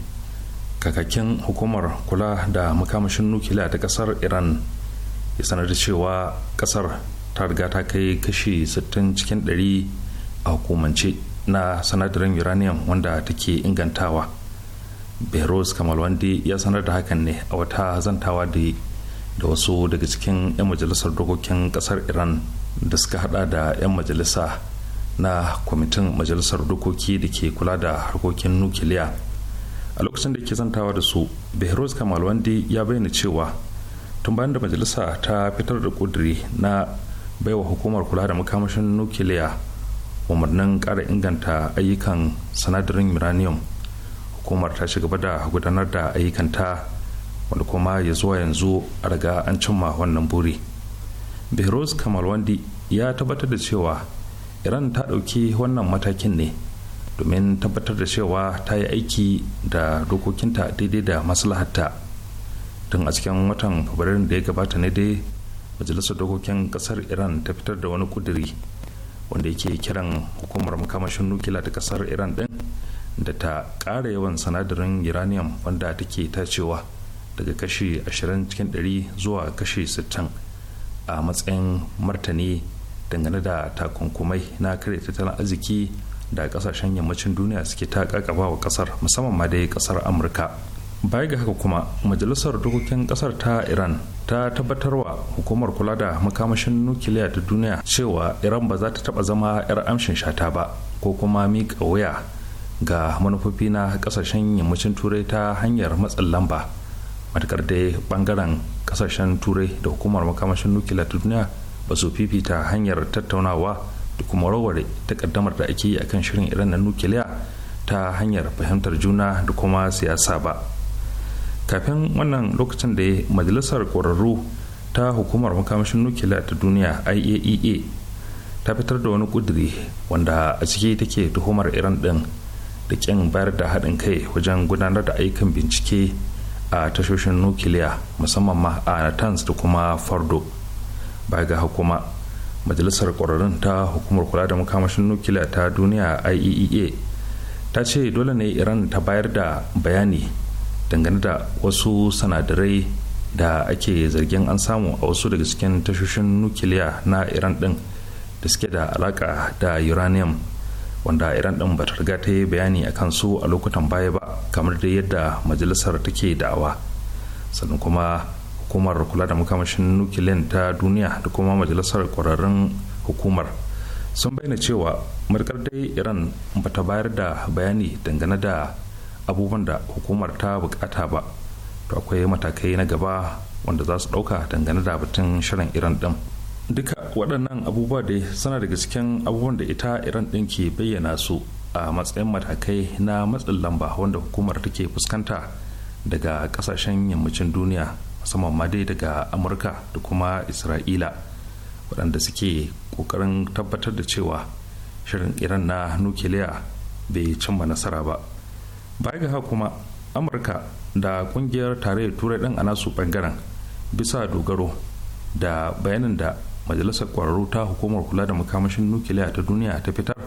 kakakin hukumar kula da makamashin nukila ta kasar iran ya sanar da cewa kasar ta riga ta kai kashi 60 cikin 100 a hukumance na sanadarin uranium wanda take ingantawa beros kamal wande ya sanar da hakan ne a wata zantawa da da wasu daga cikin 'yan majalisar dokokin kasar iran da suka hada da 'yan majalisa na kwamitin majalisar dokoki da ke kula da harkokin nukiliya a lokacin da ke zantawa da su beros kamal wande ya bayyana cewa tun bayan da majalisa ta fitar da kuduri na baiwa hukumar kula da makamashin nukiliya umarnin kara inganta ayyukan sanadarin uranium hukumar ta shiga da gudanar da ayyukanta wanda kuma ya zuwa yanzu a riga an cimma wannan buri behrouz kamalwandi ya tabbatar da cewa iran ta ɗauki wannan matakin ne domin tabbatar da cewa ta yi aiki da dokokinta daidai da maslahatta tun a cikin watan fabrairun da ya gabata ne dai majalisar dokokin kasar iran ta fitar da wani kuduri wanda yake kiran hukumar makamashin nukila ta kasar iran din da ta ƙara yawan sanadarin uranium wanda take tacewa daga kashi 20 cikin 100 zuwa kashi 60 a matsayin martani dangane da takunkumai na kare tattalin arziki da kasashen yammacin duniya suke ta kakaba wa kasar musamman ma dai kasar amurka baya ga haka kuma majalisar dokokin kasar ta iran ta tabbatar wa hukumar kula da makamashin nukiliya ta duniya cewa iran ba za ta taba zama 'yar amshin shata ba ko kuma miƙa waya ga manufofi na kasashen yammacin turai ta hanyar matsin lamba matakar dai bangaren kasashen turai da hukumar makamashin nukiliya ta duniya ba su fifita hanyar tattaunawa da kuma rawar takaddamar da ake yi akan shirin iran na nukiliya ta hanyar fahimtar juna da kuma siyasa ba. kafin wannan lokacin da majalisar ƙwararru ta hukumar makamashin nukiliya ta duniya iaea e ta fitar da wani ƙudiri wanda a ciki take tuhumar iran ɗin da ƙin bayar da haɗin kai wajen gudanar da aikin bincike a tashoshin nukiliya musamman ma a natanz da kuma fardo baya ga hukuma majalisar ƙwararrun ta hukumar kula da makamashin nukiliya ta duniya iaea e ta ce dole ne iran ta bayar da bayani dangane da wasu sanadarai da ake zargin an samu a wasu daga cikin tashoshin nukiliya na iran din da suke da alaka da uranium wanda iran din ba ta riga ta yi bayani a su a lokutan baya ba kamar da yadda majalisar take da'awa sannan kuma hukumar kula da makamashin nukiliyan ta duniya da kuma majalisar kwararrun hukumar sun bayyana cewa markar dai iran ba ta bayar da bayani dangane da abubuwan da hukumar ta bukata ba to akwai matakai na gaba wanda za su ɗauka dangane da batun shirin iran din duka waɗannan abubuwa dai suna daga cikin abubuwan da ita iran din ke bayyana su a matsayin matakai na matsin lamba wanda hukumar take fuskanta daga kasashen yammacin duniya musamman ma dai daga amurka da kuma isra'ila waɗanda suke ƙoƙarin tabbatar da cewa shirin iran na nukiliya bai cimma nasara ba baya ga kuma amurka da kungiyar tarayyar turai din a nasu bangaren bisa dogaro da bayanin da majalisar kwararru ta hukumar kula da makamashin nukiliya ta duniya ta fitar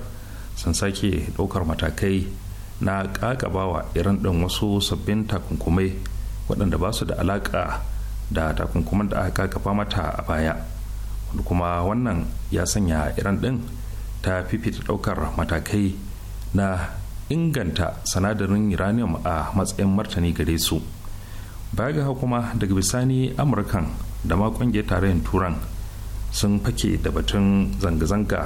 sun sake ɗaukar matakai na ƙaƙabawa irin ɗin wasu sabbin takunkumai waɗanda ba su da alaƙa da takunkuman da aka ƙaƙaba mata a baya wanda kuma wannan ya sanya irin ɗin ta fifita ɗaukar matakai na inganta sanadarin uranium a matsayin martani gare su baya ga kuma daga bisani amurkan da ma kungiyar tarayyar turan sun fake da batun zanga-zanga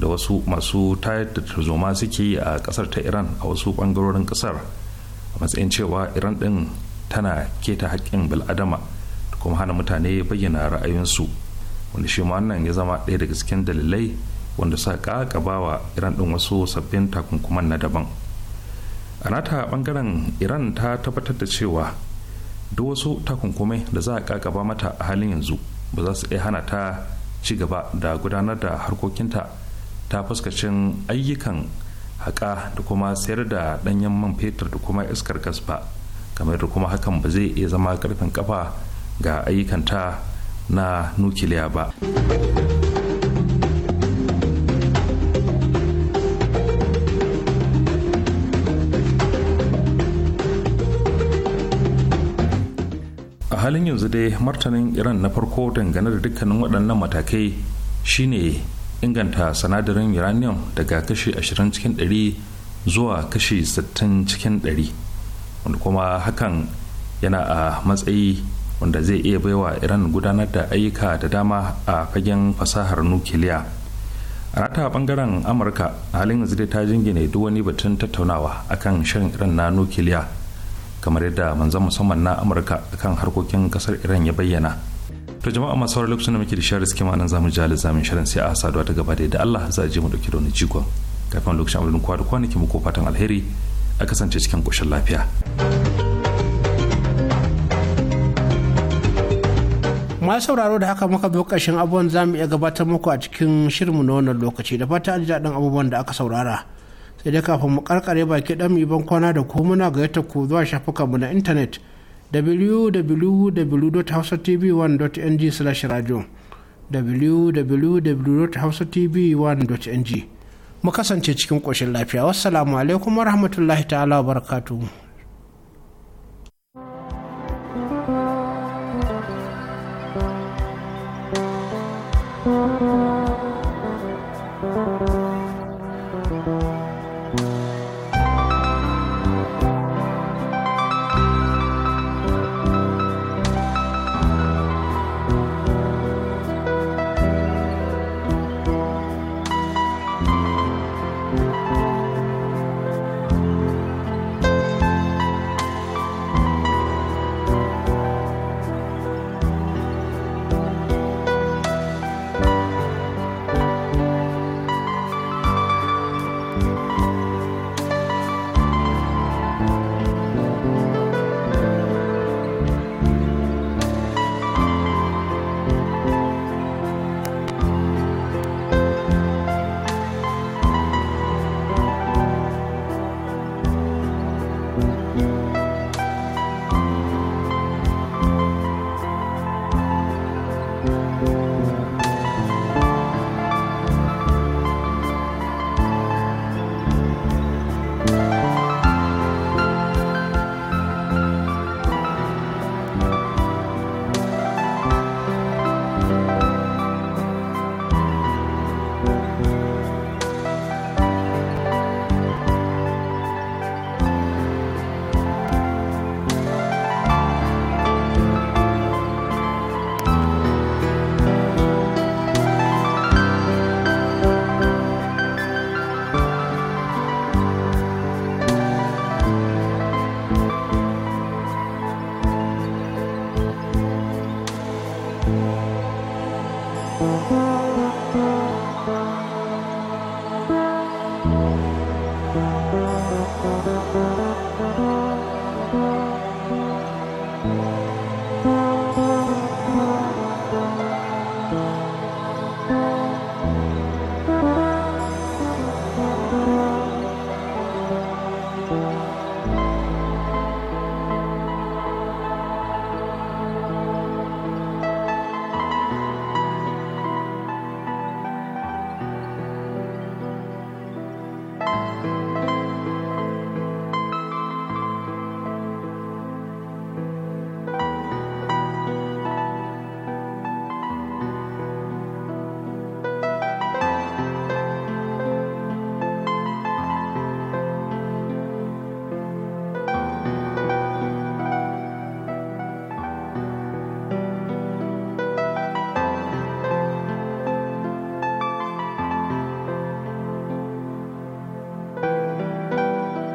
da wasu masu tayar da tarzoma suke yi a kasar ta iran a wasu bangarorin kasar a matsayin cewa iran din tana keta haƙƙin bil'adama da kuma hana mutane bayyana ra'ayinsu wanda shi wannan ya zama ɗaya daga cikin dalilai wanda sa gaba wa iran din wasu sabbin takunkuman na daban a nata bangaren iran ta tabbatar da cewa duk wasu takunkumai da za a gaba mata a halin yanzu ba za su iya hana ta ci gaba da gudanar da harkokinta ta fuskacin ayyukan haƙa da kuma sayar da ɗanyen man fetur da kuma iskar gas ba kamar da kuma hakan ba zai iya zama karfin kafa ga ayyukanta na nukiliya ba. halin yanzu dai martanin iran na farko dangane da dukkanin waɗannan matakai shine inganta sanadarin uranium daga kashi 20 cikin 100 zuwa kashi 60 cikin 100 wanda kuma hakan yana a matsayi wanda zai iya baiwa iran gudanar da ayyuka da dama a fagen fasahar nukiliya a rata bangaren amurka halin yanzu dai ta jingine duk wani batun tattaunawa akan shan iran na nukiliya kamar yadda manzan musamman na amurka kan harkokin kasar iran ya bayyana to jama'a masu sauraron lokacin da muke da shirin riski ma'anan zamu ji alizamin shirin sai a saduwa ta gaba da yadda allah za a je mu dauki da wani jigon kafin lokacin abin kwa da kwanaki mu ko fatan alheri a kasance cikin koshin lafiya ma sauraro da haka muka zo ƙarshen abubuwan za mu iya gabatar muku a cikin shirinmu na wannan lokaci da fata an ji daɗin abubuwan da aka saurara da kafin mu karkare baki dan mu ban kwana da ku muna ga yata ku zuwa mu na intanet www.hausatv1.ng/radio www.hausatv1.ng mu kasance cikin ƙoshin lafiya wassalamu alaikum warahmatullahi ta'ala wa barakatu.